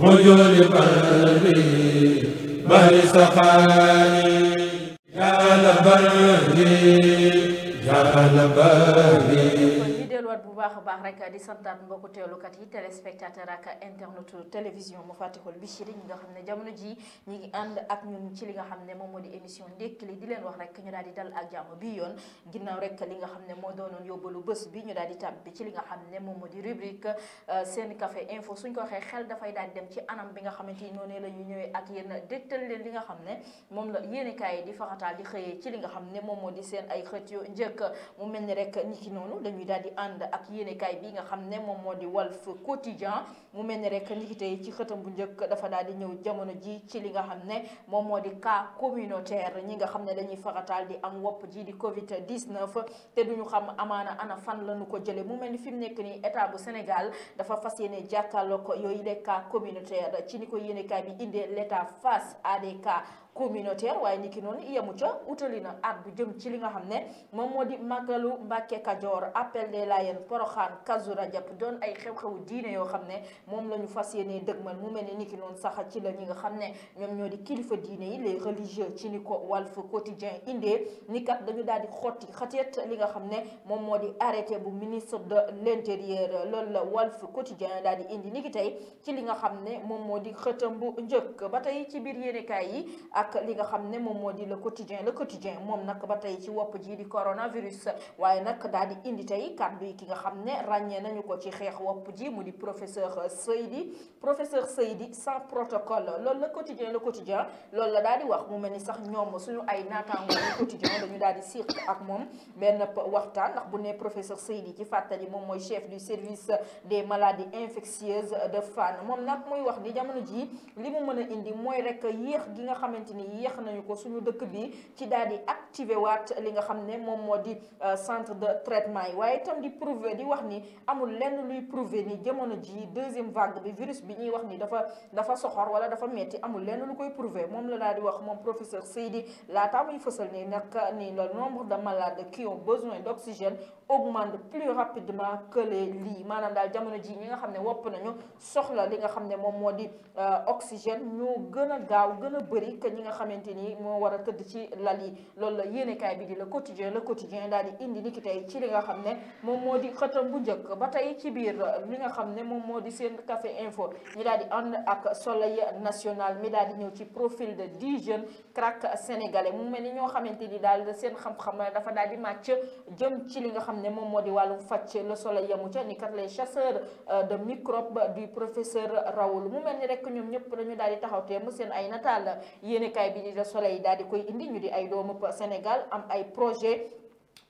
mujjul barri barri saxaani yaa la barri yaa la barri delluwaat bu baax a baax rek di santaat mbokku teewlukat yi téléspectateur ak internet télévision mu fàttixul Bichri ñi nga xam ne jamono ji ñi ngi ak ñu daal di dal leen li nga xam ne moom la yéenekaay yi di faxataal di xëyee ci li nga xam ne moom moo di seen ay xët yu njëkk mu mel ni rek niki noonu dañuy daal di ànd ànd ak yéenekaay bi nga xam ne moom moo di Walf Quotidien mu mel ni rek yi ci xëtam bu njëkk dafa daal di ñëw jamono ji ci li nga xam ne moom moo di cas communautaire ñi nga xam ne dañuy farataal di am wopp ji di Covid 19 te du ñu xam amaana ana fan lañu ko jële mu mel ni fi mu nekk nii état bu Sénégal dafa fas yéene jàkkaarloo ko yooyu les cas communautaire ci ni ko yéenekaay bi indee l'état face à des cas communautaire waaye ñi ki noonu yemu ca utali na at bu jëm ci li nga xam ne moom moo di màggalu Mbàkke Kajoor appel des Layènes Poroxaan Kazu Rajab doon ay xew-xewu yoo xam ne moom la ñu fas yéenee dëgmal mu mel ne ni ki noonu ci la ñi nga xam ne ñoom ñoo di kilifa diine yi les religieux ci ni ko Walf Quotidien indee ni kat dañu daal di xotti xateet li nga xam ne moom moo di arrêté bu ministre de l'intérieur loolu la Walf Quotidien daal di indi ni tey ci li nga xam ne moom moo di xëtam bu njëkk ba tey ci biir yéenekaay yi ak li nga xam ne moom moo di le quotidien le quotidien moom nag ba tey ci wopp ji di coronavirus waaye nag daal di indi tey kàddu yi ki nga xam ne ràññee nañu ko ci xeex wopp ji mu di professeur Seydi professeur Seydi sans protocole loolu le quotidien le quotidien loolu la daal di wax mu mel ni sax ñoom suñu ay naataango le quotidien dañu daal di siq ak moom benn waxtaan ndax bu ne professeur Seydi ci fàttali moom mooy chef du service de Fann moom nag muy wax ni jamono ji li mu mën a indi mooy rek yéex gi nga xamante ni yéex nañu ko suñu dëkk bi ci daal di activé waat li nga xam ne moom moo di euh, centre de traitement yi waaye itam di prouver di wax ni amul lenn luy prouver ni jamono ji deuxième vague bi virus bi ñuy wax ni dafa dafa soxor wala dafa metti amul lenn lu koy prouver moom la daal di wax moom professeur Seydi laata muy fësal ni nag ni la nombre de malades qui ont besoin d'oxygène augmente plus rapidement que les lits maanaam daal jamono ji ñi nga xam ne wopp nañu li nga xam ne moom moo di euh, oxygène a li nga xamante ni moo war a tëdd ci lal yi loolu la yéenekaay bi di le quotidien le quotidien daal di indi ni ki tey ci li nga xam ne moom moo di xëtam bu njëkk ba tey ci biir li nga xam ne moom moo di seen café info ñi daal di ànd ak soleil national mi daal di ñëw ci profil de dix jeunes crack sénégalais mu mel ni ñoo xamante ni daal seen xam-xam dafa daal di màcc jëm ci li nga xam ne moom moo di wàllum fàcc le soleil yamu ca ni kat les chasseurs euh, de microbes du professeur Raoul mu mel ni rek ñoom ñëpp dañu daal di taxaw teem seen ay nataal yéen yéenekaay bi di Le Soleil daal di koy indi ñu di ay doomu Sénégal am ay projet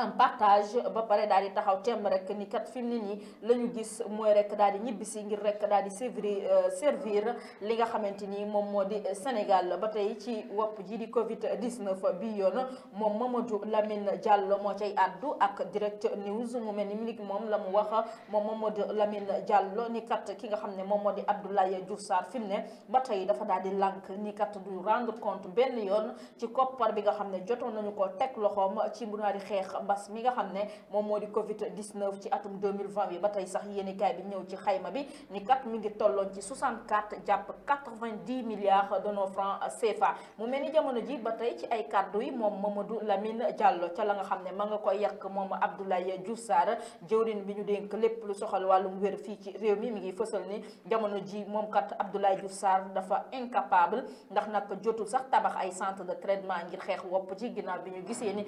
en partage ba pare daal di taxaw temm rek ni kat fi mu ne nii la ñu gis mooy rek daal di ñibbisi ngir rek daal di servir euh, servir li nga xamante ni moom moo di Sénégal ba tey ci wopp ji di Covid 19 bi yoon moom Mamadou Lamine Diallo moo cay àddu ak directeur news mu mel ni milik moom la mu wax moom Mamadou Lamine Diallo ni kat ki nga xam ne moom moo di Abdoulaye Diouf Sarr fi mu ne ba tey dafa daal di lànk ni kat du rend compte benn yoon ci koppar bi nga xam ne jotoon nañu ko teg loxoom ci bu daal di xeex. mbas mi nga xam ne moom moo di Covid 19 ci atum 2020 bi ba tey sax yéenekaay bi ñëw ci xayma bi ni kat mi ngi tolloon ci 64 jàpp 90 milliards de nos francs mu mel ni jamono ji ba tey ci ay kàddu yi moom Mamadou Lamine Diallo ca la nga xam ne ma nga koy yàq moom Abdoulaye Diouf Sarr jëwrin bi ñu dénk lépp lu soxal wàllum wér fii ci réew mi mi ngi fësal ni jamono ji moom kat Abdoulaye Diouf Sarr dafa incapable ndax nag jotul sax tabax ay centre de traitement ngir xeex wopp ci ginnaaw bi ñu gisee ni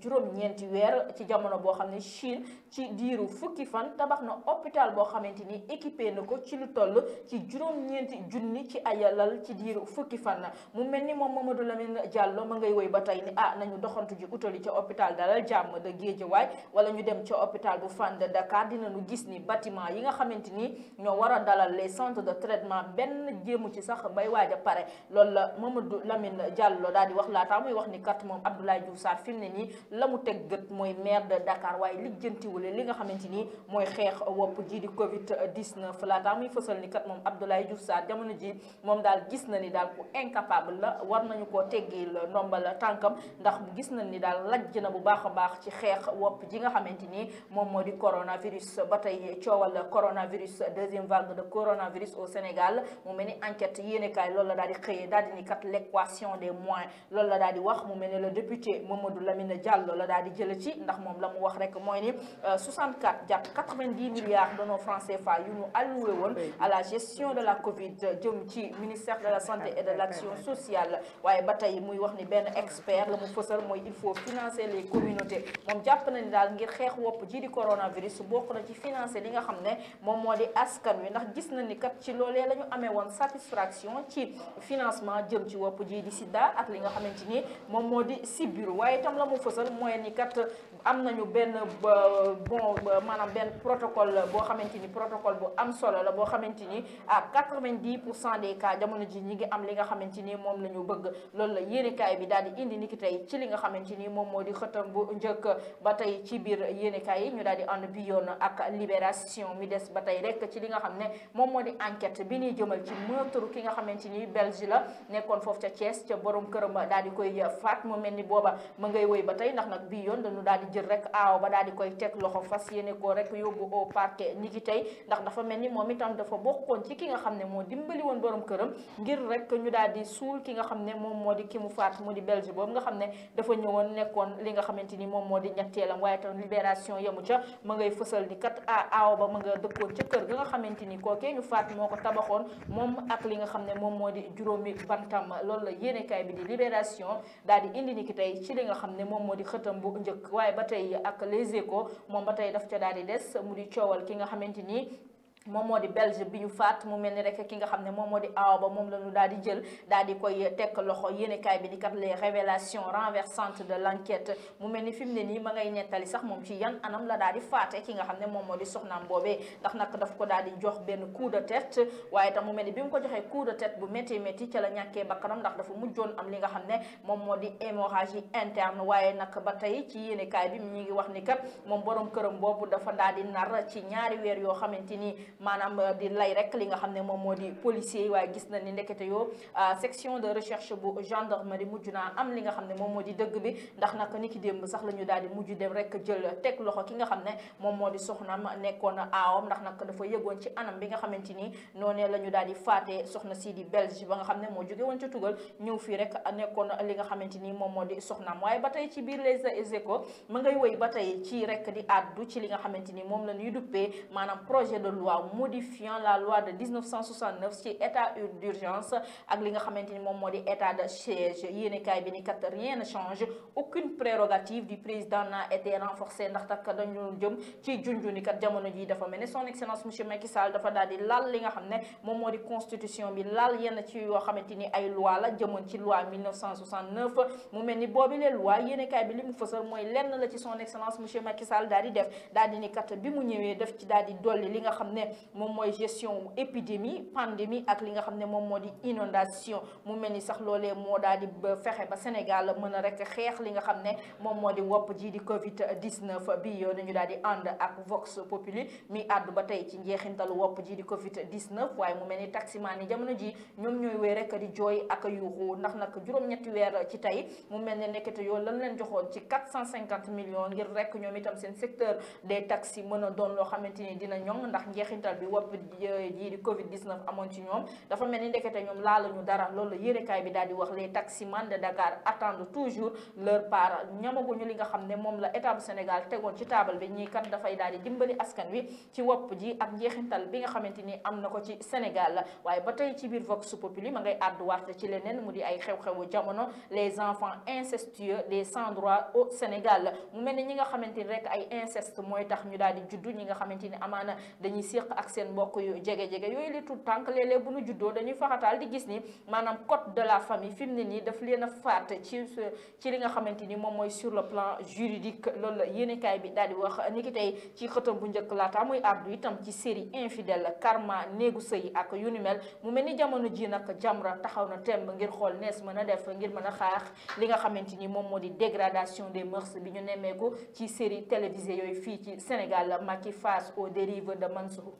juróom-ñeenti weer ci jamono boo xam ne Chine ci diiru fukki fan tabax na hôpital boo xamante ni équipe na ko ci lu toll ci juróom-ñeenti junni ci ay lal ci diiru fukki fan mu mel ni moom Mamadou Lamine Diallo ma ngay woy ba tey ni ah nañu doxantu ji utali ca hôpital Dalal Jàmm de Guédiawaye wala ñu dem ca hôpital bu Fann de Dakar dinañu gis ni bâtiment yi nga xamante ni ñoo war a dalal les centres de traitement benn jéemu ci sax bay waaj a pare loolu la Mamadou Lamine Diallo daal di wax laataa muy wax ni kat moom Abdoulaye Diouf Sarr fi mu ne nii la mu teg gët mooy maire de Dakar waaye lijjantiwule li nga xamante ni mooy xeex wopp ji di Covid 19 laata muy fësal ni kat moom Abdoulaye Diouf Sarr jamono ji moom daal gis na ni daal ku incapable la war nañu koo teggil ndombal tànkam ndax gis na ni daal lajj na bu baax a baax ci xeex wopp ji nga xamante ni moom moo di coronavirus ba tey coowal coronavirus deuxième vague de coronavirus au Sénégal mu mel ni enquête yéenekaay loolu la daal di xëyee daal di ni kat l'équation des moyens la daal di wax mu mel ni le député Mamadou Lamine Diallo la daal di jële ci ndax moom la mu wax rek mooy ni euh, milliards de nos francs yu ñu alloué woon à la gestion de la Covid jëm ci ministère de la santé et de l'action sociale waaye ba tey muy wax ni benn expert la mu fësal mooy il faut financer les communautés moom jàpp na ni daal ngir xeex wopp ji di coronavirus bokk na ci financer li nga xam ne moom moo di askan wi ndax gis na ni kat ci loolee la ñu amee woon satisfaction ci financement jëm ci wopp ji di sida ak li nga xamante ni moom moo di mooy ni kat am nañu benn euh, bon euh, maanaam benn protocole boo xamante ni protocole bu am solo la boo xamante ni à 90 pour cent des cas jamono ji ñi ngi am li nga xamante ni moom la ñu bëgg loolu la yéenekaay bi daal di indi niki tey ci li nga xamante ni moom moo di xëtam bu njëkk ba tey ci biir yéenekaay yi ñu daal di ànd bi yoon ak libération mi des ba tey rek ci li nga xam ne moom moo di enquête bi ñuy jëmal ci meurtre ki nga xamante ni belge la nekkoon foofu ca Thiès ca borom këram daal di koy faat mu mel ni booba ma ngay woy ba tey ndax nag bii yoon dañu daal di jël rek aaw ba daal ki tey nga xam ne moo dimbali moo di ki mu faat mu di belge boobu nga xam ne dafa ñëwoon nekkoon li nga xamante ni moom moo di ñetteelam waaye tam libération yemu ca ma ngay fësal ni kat a aaw ba ma nga dëkkoon ca kër ga nga xamante ni kookee ñu faat moo ko tabaxoon moom ak li nga xam ne moom moo di juróomi bantam loolu la yéenekaay bi di libération daal di indi ni ki tey ci li nga xam ne moom moo di xëtam bu njëkk waaye ba tey ak Les ko moom ba tey daf ca daal di des mu di coowal ki nga xamante ni moom moo di belge bi ñu faat mu mel ni rek ki nga xam ne moom moo di aaw ba moom la ñu daal di jël daal di koy tekk loxo yéenekaay bi di kat les révélations renversantes de l'enquête mu mel ni fi mu ne nii ma ngay nettali sax moom ci yan anam la daal di faate ki nga xam ne moom moo di soxnaam boobee ndax nag ko daal di jox benn coup de waaye tam mu mel ni bi mu ko joxee coup bu métti métti ca la ñàkkee bakkanam ndax dafa mujjoon am li nga ne moom moo di hémorragie interne waaye nag ba tey ci yéenekaay bi ñu ngi wax ni kat moom boroom këram boobu dafa daal di nar ci ñaari weer yoo xamante ni maanaam euh, di lay rek li nga xam ne moom moo di policier yi waaye gis na ni ndekete yoo euh, section de recherche bu gendarmerie mujj naa am li nga xam ne moom moo di dëgg bi ndax nag ni ki démb sax la ñu daal di mujj dem rek jël teg loxo ki nga xam ne moom moo di soxnaam nekkoon aawam ndax nag dafa yëgoon ci anam bi nga xamante ni noonee la ñu daal di faatee soxna si di belge ba nga xam ne moo jóge woon ca tugal fii rek nekkoon li nga xamante ni moom moo di soxnaam waaye ba tey ci biir les échos ma ngay woy ba tey ci rek di àddu ci li nga xamante ni moom la ñuy duppee maanaam projet de loi loi la loi de ci état d'urgence ak li nga xamante ni moom moo di état de siège yéenekaay bi ni kat rien ne change prérogative du président n'a été renforcée ndax tak dañu jëm ci junjuni kat jamono ji dafa mel ne son excellence monsieur Macky Sall dafa daal di laal li nga xam ne moom moo di constitution bi laal yenn ci yoo xamante ni ay loi la jëmoon ci loi mu mel ni boobi les loi yéenekaay bi li mu fësal mooy lenn la ci son excellence moom mooy gestion épidémie pandémie ak li nga xam ne moom moo di inondation mu mel ni sax loolee moo daal di fexe ba Sénégal mën a rek xeex li nga xam ne moom moo di wopp jii di Covid 19 bi yow dañu daal di ànd ak Vox Populi mi àddu ba tey ci njeexintalu wopp jii di Covid 19 waaye mu mel ni taximaan yi jamono ji ñoom ñooy wéy rek di jooy ak yuuxu ndax nag juróom-ñetti weer ci tey mu mel ne nekkete yow lan leen joxoon ci 450 millions ngir rek ñoom itam seen secteur des taxis mën a doon loo xamante ni dina ñoŋ ndax njeexintal bi wopp jii euh, di covid 19 amoon ci ñoom dafa mel ni ndekete ñoom laa la ñu dara loolu yérekaay bi daal di wax les taximans de Dakar attendent toujours leur part ñamaguñu li nga xam ne moom la état Sénégal tegoon ci taabal bi ñii kat dafay daal di dimbali askan wi ci wopp ji ak njeexintal bi nga xamante ni am na ko ci Sénégal la waaye ba tey ci biir Vox Populi ma ngay àddu waat ci leneen mu di ay xew-xewu jamono les enfants incestueux des sans droit au Sénégal mu mel ni ñi nga xamante ni rek ay inceste ak seen mbokk yu jege-jege yooyu li tout tànk léeg-léeg bu ñu juddoo dañuy faxataal di gis ni maanaam code de la famille fi mu ne nii daf leen a faat ci li nga xamante ni moom mooy sur le plan juridique loolu la yéenekaay bi daal di wax ni ki tey ci xëtam bu njëkk laata muy addu itam ci série infidèle karma néegu sëy ak yu ni mel mu mel ni jamono ji nag Jamra taxaw na temb ngir xool nees mën a def ngir mën a xaax li nga xamante ni moom moo di dégradation des mœurs bi ñu nemmeeku ci série télévisée yooyu fii ci Sénégal Macky face aux dérives de Mansour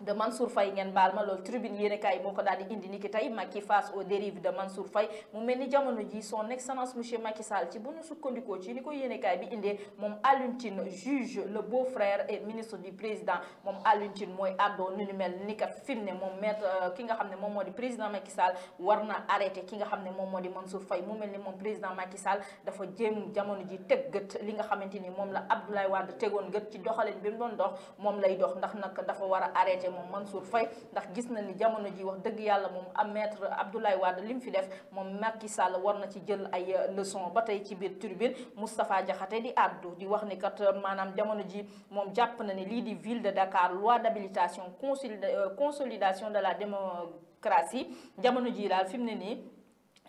de Mansour Faye ngeen baal ma loolu tribune yéenekaay moo ko daal di indi niki tey Macky face aux dérives de Mansour Faye mu mel ni jamono ji son excellence monsieur Macky Sall ci bu nu sukkandikoo ci ni ko yéenekaay bi indee moom Alioune juge le beau-frère et ministre du président moom Alioune mooy àddoo nu ni mel ni kat fi ne moom maître euh, ki nga xam ne moom moo di président Macky Sall war na arrêté ki nga xam ne moom moo di Mansour Faye mu mel ni moom président Macky Sall dafa jéem jamono ji teg li nga xamante ni moom la Abdoulaye Wade tegoon gët ci doxalin bi mu doon dox moom lay dox ndax nag a engagé moom Mansour Faye ndax gis na ni jamono ji wax dëgg yàlla moom am maître Abdoulaye Wade li fi def moom Macky Sall war na ci jël ay euh, leçon ba tey ci biir turbine Moustapha Diakhaté di addu di wax ni kat euh, maanaam jamono ji moom jàpp na ne lii di ville de Dakar loi d'habilitation euh, consolidation de la démocratie jamono ji daal fi mu ne nii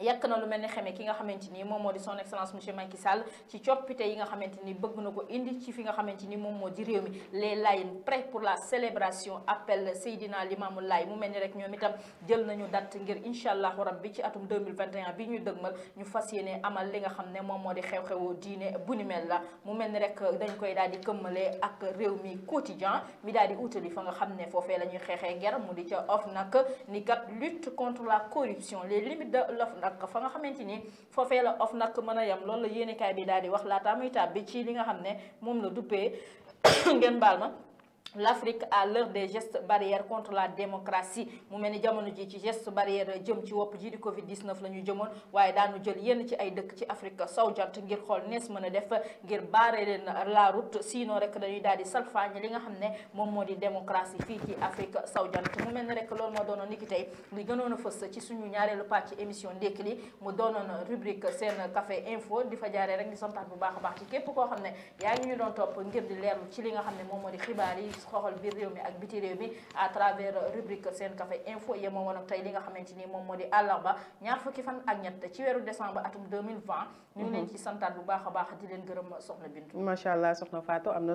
yàq na lu mel ni xeme ki nga xamante ni moom moo di son excellence monsieur Macky Sall ci coppite yi nga xamante ni bëgg na ko indi ci fi nga xamante ni moom moo di réew mi les Layènes prêts pour la célébration appel Seydina Limamou Laye mu mel ni rek ñoom itam jël nañu date ngir incha allahu rabbi ci atum 2021 bi ñu dëgmal ñu fas yéene amal li nga xam ne moom moo di xew-xewu diine bu ni mel la mu mel ni rek dañ koy daal di këmmale ak réew mi quotidien mi daal di wutali fa nga xam ne foofee la ñuy xeexee ger mu di ca of nag ni kat lutte contre la corruption les limites de ak fa nga xamante ni foofee la of nag mën a yem loolu la yéenekaay bi daal di wax laata muy bi ci li nga xam ne moom la duppee ngeen baal ma l'Afrique à l'heure de gestes barrières contre la démocratie mu mel ni jamono ji ci geste barrière jëm ci wopp ji di Covid 19 la ñu jëmoon waaye daanu jël yenn ci ay dëkk ci Afrique sow jant ngir xool nees mën a def ngir baare leen la route sinon rek dañuy daal di salfaañ li nga xam ne moom moo di démocratie fii ci Afrique sow jant mu mel ni rek loolu moo doonoon niki tey li gënoon fës ci suñu ñaareelu pàcc émission ndékki li mu doonoon rubrique seen fa jaaree rek di baax baax ci képp koo xam ne yaa ngi ñu doon ci li nga xam ne moom moo di xibaar yi xoxol biir réew mi ak biti réew mi à travers rubrique seen café info yee moom woon li nga xamante ni moom moo di àllarba ñaar fukki fan ak ñett ci weeru décembre atum 2020 mm-hmm. ñu ci santaat bu baax a baax di leen gërëm soxna Bintu macha allah soxna Fatou am na